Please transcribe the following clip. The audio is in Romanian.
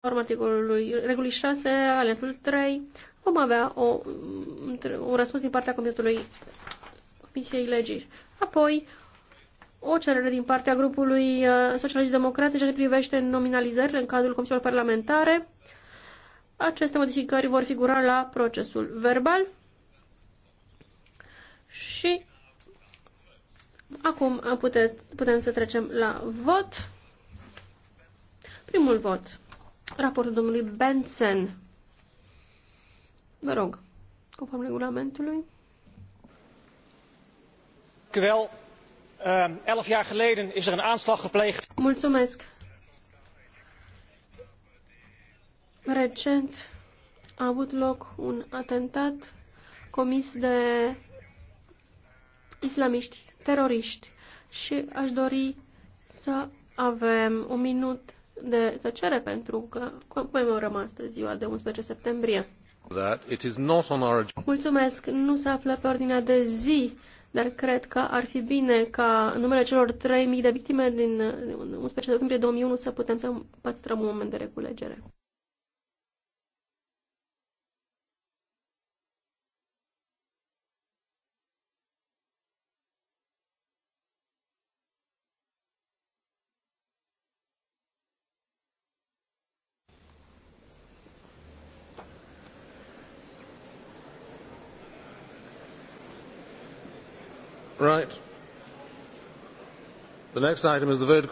conform articolului regulii 6, alentul 3, vom avea o, un răspuns din partea Comitetului Comisiei Legii. Apoi, o cerere din partea grupului uh, Socialiști Democrați ce privește nominalizările în cadrul comisiilor parlamentare. Aceste modificări vor figura la procesul verbal. Și acum putem să trecem la vot. Primul vot raportul domnului Benson. Vă rog, conform regulamentului. Wel, ehm, elf jaar geleden is er een aanslag gepleegd. Mulțumesc. Recent a avut loc un atentat comis de islamiști, teroriști și aș dori să avem un minut de tăcere pentru că comemorăm astăzi ziua de 11 septembrie. Mulțumesc, nu se află pe ordinea de zi, dar cred că ar fi bine ca în numele celor 3.000 de victime din 11 septembrie 2001 să putem să păstrăm un moment de reculegere. right. the next item is the vote.